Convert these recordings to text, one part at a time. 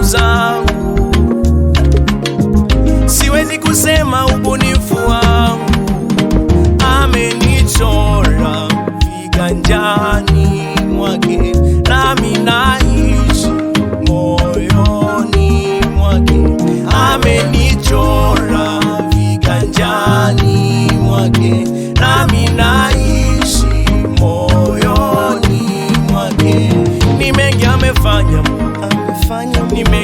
pousar.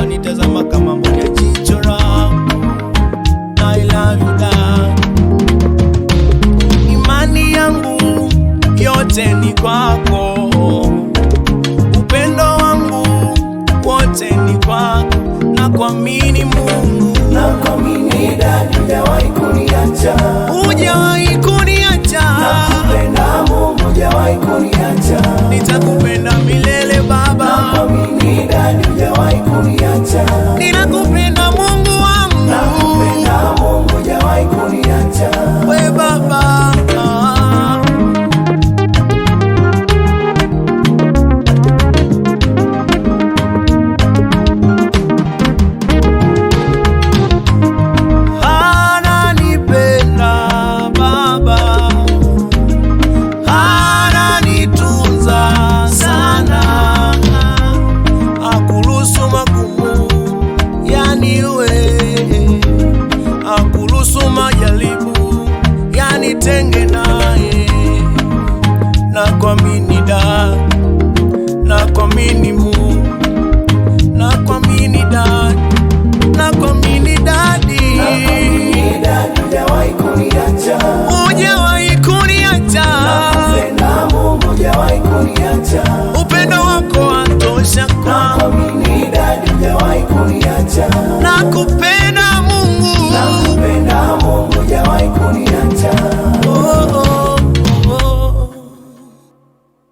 wanitazama kama mbone jicho langu. I love you dad, imani yangu yote ni kwako, upendo wangu wote ni kwako, na kuamini Mungu, na kuamini dad, hujawahi kuniacha nitenge naye, nakwamini da, nakwamini mu, nakwamini da, nakwamini dadi, hujawahi kuniacha, hujawahi kuniacha